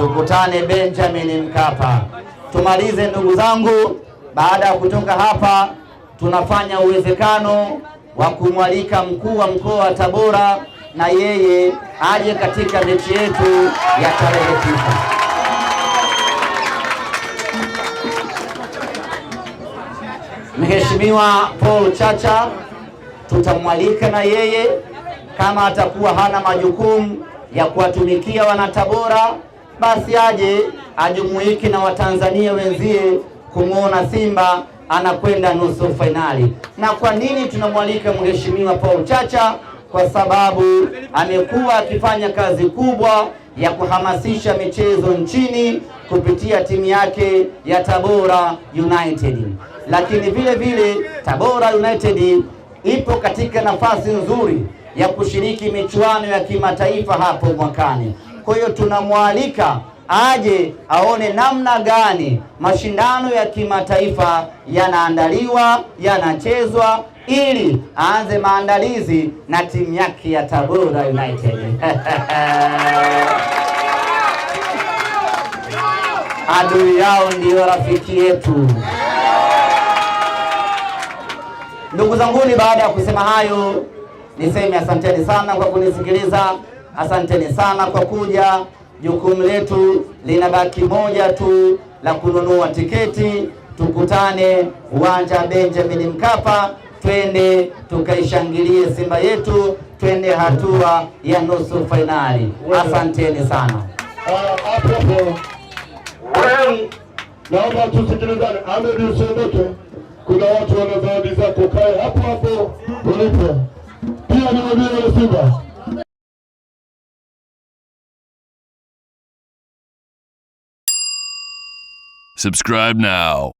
tukutane Benjamin Mkapa, tumalize ndugu zangu. Baada ya kutoka hapa, tunafanya uwezekano wa kumwalika mkuu wa mkoa wa Tabora na yeye aje katika mechi yetu ya tarehe tisa. Mheshimiwa Paul Chacha tutamwalika na yeye kama atakuwa hana majukumu ya kuwatumikia wanatabora basi aje ajumuike na Watanzania wenzie kumwona Simba anakwenda nusu fainali. Na kwa nini tunamwalika Mheshimiwa Paul Chacha? Kwa sababu amekuwa akifanya kazi kubwa ya kuhamasisha michezo nchini kupitia timu yake ya Tabora United, lakini vile vile Tabora United ipo katika nafasi nzuri ya kushiriki michuano ya kimataifa hapo mwakani. Kwa hiyo tunamwalika aje aone namna gani mashindano ya kimataifa yanaandaliwa, yanachezwa ili aanze maandalizi na timu yake ya Tabora United. Adui yao ndiyo rafiki yetu. Ndugu zanguni, baada ya kusema hayo, niseme asanteni sana kwa kunisikiliza. Asanteni sana kwa kuja. Jukumu letu linabaki moja tu la kununua tiketi. Tukutane uwanja wa Benjamin Mkapa, twende tukaishangilie Simba yetu, twende hatua ya nusu fainali. Asanteni sana. Naomba tusikilizane. Ahmed Usiondoke, kuna watu wana zawadi zako, kae hapo hapo ulipo. Pia ni wabia wa Simba Subscribe now.